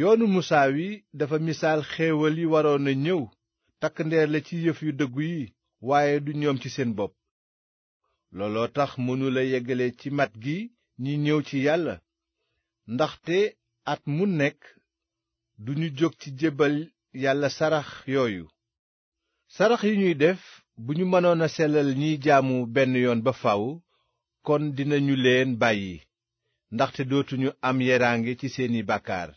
yoonu musaa wi dafa misaal xéewal yi waroon a ñëw takk ndeer la ci yëf yu dëggu yi waaye du ñoom ci seen bopp looloo tax mënula yeggale ci mat gi ñi ñëw ci yàlla ndaxte at mu nekk duñu jóg ci jébbal yàlla sarax yooyu sarax yi ñuy def bu ñu mënoon a sellal ñiy jaamu benn yoon ba faw kon dinañu leen bàyyi ndaxte dootuñu am yeraange ci seeni bàkkaar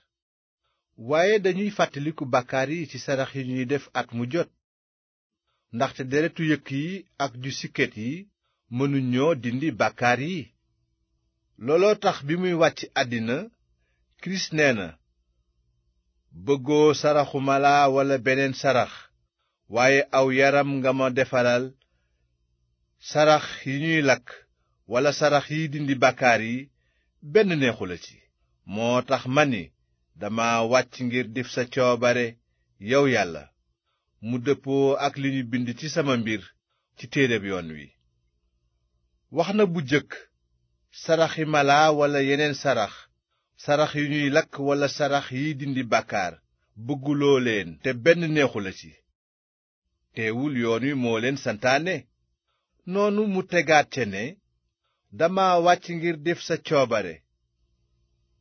waaye dañuy fàttaliku bàkkaar yi ci sarax yi ñuy def at mu jot ndaxte deretu yëkk yi ak ju sikket yi mënuñoo dindi bàkkaar yi looloo tax bi muy wàcc àddina kirist nee na bëggoo saraxu mala walla beneen sarax waaye aw yaram nga ma defaral sarax yi ñuy lakk walla sarax yi dindi bakkaar yi benn neexu la ci moo tax ma ni dama wàcc ngir def sa coobare yow yàlla mu dëppoo ak li ñu bind ci sama mbir ci téereb yoon wi wax na bu jëkk saraxi mala walla yeneen sarax sarax yu ñuy lakk walla sarax yi dindi bàkkaar bëgguloo leen te benn neexu la ci teewul yoon wi moo leen santaane noonu mu tegaat ca ne dama wàcc ngir def sa coobare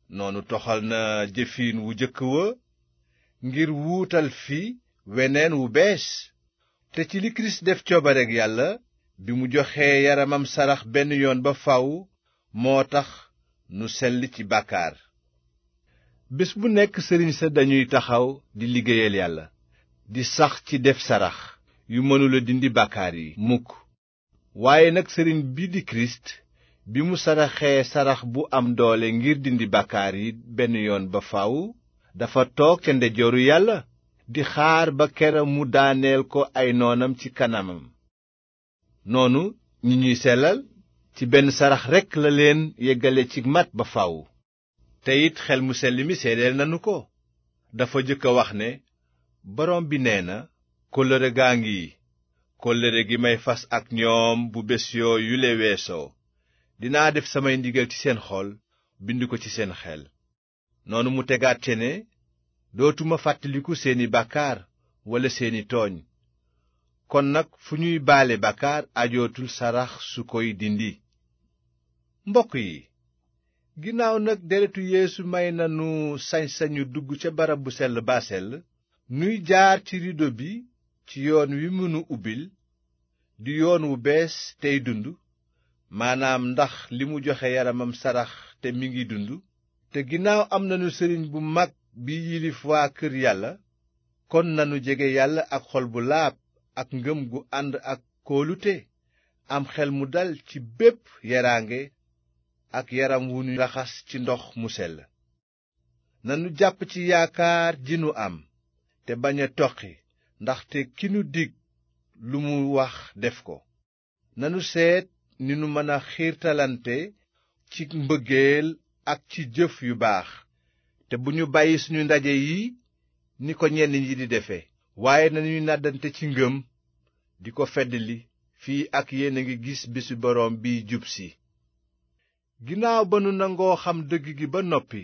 noonu toxal na jëfin wu jëkk wa ngir wuutal fi weneen wu bees te ci li kirist def coobareek yàlla bi mu joxee yaramam sarax benn yoon ba faw moo tax nu sell ci bàkkaar bés bu nekk sëriñ sa dañuy taxaw di liggéeyal yàlla di sax ci def sarax yu mënula dindi bàkkaar yi mukk waaye nag sëriñ bi di kirist bi mu saraxee sarax bu am doole ngir dindi bàkkaar yi benn yoon ba faw dafa toog ca ndeyjooru yàlla di xaar ba keram mu daaneel ko ay noonam ci kanamam noonu ñi ñuy sellal ci benn sarax rekk la leen yeggale ci mat ba faw te xel mu sell mi seedeel nanu ko dafa jëkk wax ne borom bi nee na kóllëre gaa ngi kóllëre gi may fas ak ñoom bu bés yooyu le weesoo dinaa def samay ndigal ci seen xool bind ko ci seen xel noonu mu tegaat ce ne dootuma fàttaliku seeni bàkkaar wala seeni tooñ kon nag fu ñuy baale bàkkaar ajootul sarax su koy dindi mbokk yi ginnaaw nag deretu yéesu may na nanu sañ-sañu dugg ca barab bu sell baa sell nuy jaar ci rido bi ci yoon wi mënu ubbil di yoon wu bees tey dund maanaam ndax li mu joxe yaramam sarax te mi ngi dund te ginnaaw am nanu sëriñ bu mag bi yilif waa kër yàlla kon nanu jege yàlla ak xol bu laab ak ngëm gu ànd ak kóolute am xel mu dal ci bépp yaraange ak yaram wu ñu raxas ci ndox mu sell nanu jàpp ci yaakaar ji nu am te bañ a toqi ndaxte ki nu dig lu mu wax def ko nanu seet ni nu mën a xiir talante ci mbëggeel ak ci jëf yu baax te bu ñu bàyyi suñu ndaje yi ni ko ñenn ñi di defe waaye nañuy nàddante ci ngëm di ko feddali fii ak yéen a ngi gis bisu boroom biy jub si ginnaaw ba nu nangoo xam dëgg gi ba noppi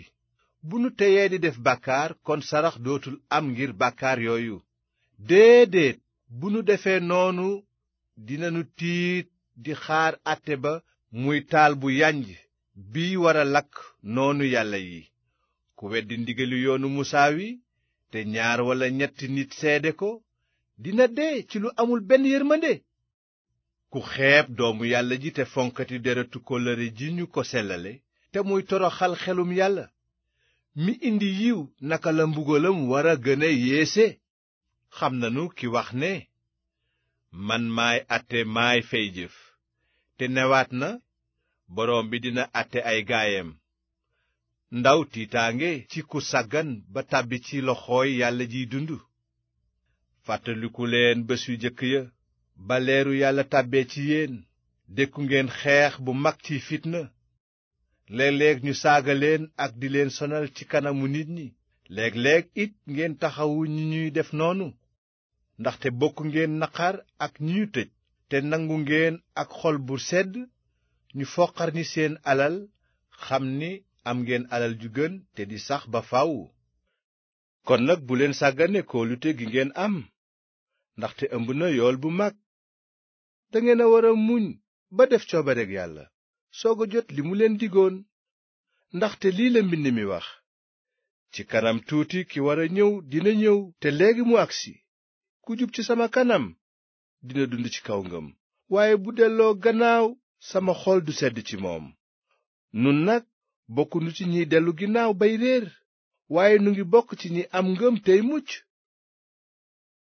bu nu teyee di def bàkkaar kon sarax dootul am ngir bàkkaar yooyu déedéet bu nu defee noonu dinanu tiit di xaar àtte ba muy taal bu yanj bi war a lakk noonu yàlla yi ku weddi ndigali yoonu musaa wi te ñaar walla ñetti nit seede ko dina dee ci lu amul benn yërmande ku xeeb doomu yàlla ji te fonkati deretu kóllëre ji ñu ko sellale te muy toroxal xelum yàlla mi indi yiw naka la mbugalam war a gën a yéese xam nanu ki wax ne man maay àtte maay fay jëf te newaat na boroom bi dina àtte ay gaayam ndaw tiitaange ci ku sàggan ba tàbbi ci loxooy yàlla jiy dund fàttaliku leen bés yu jëkk ya ba yàlla tàbbee ci yéen dékku ngeen xeex bu mag ci fitna léeg-léeg ñu saaga leen ak di leen sonal ci kanamu nit ñi léeg-léeg it ngeen taxawu ñi ñuy def noonu ndaxte bokk ngeen naqar ak ñi ñu tëj te nangu ngeen ak xol bu sedd ñu foqarñi seen alal xam ni am ngeen alal ju gën te di sax ba faw kon nag bu leen sàggane lu gi ngeen am ndaxte ëmb na yool bu mag dangeen a war a muñ ba def coobareg yàlla soog a jot li mu leen digoon ndaxte lii la mbind mi wax ci kanam tuuti ki war a ñëw dina ñëw te léegi mu agsi ku jub ci sama kanam dina dund ci kaw ngëm waaye bu delloo gannaaw sama xol du sedd ci moom nun nag bokkunu ci ñiy dellu ginnaaw bay réer waaye nu ngi bokk ci ñi am ngëm tey mucc